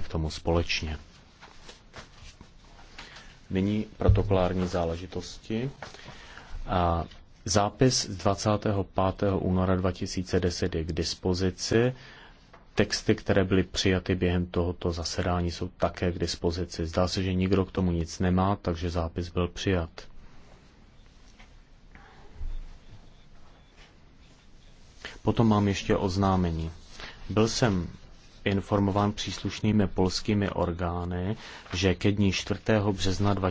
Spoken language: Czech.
k tomu společně. Nyní protokolární záležitosti. A zápis z 25. února 2010 je k dispozici. Texty, které byly přijaty během tohoto zasedání, jsou také k dispozici. Zdá se, že nikdo k tomu nic nemá, takže zápis byl přijat. Potom mám ještě oznámení. Byl jsem informován příslušnými polskými orgány, že ke dní 4. března 2000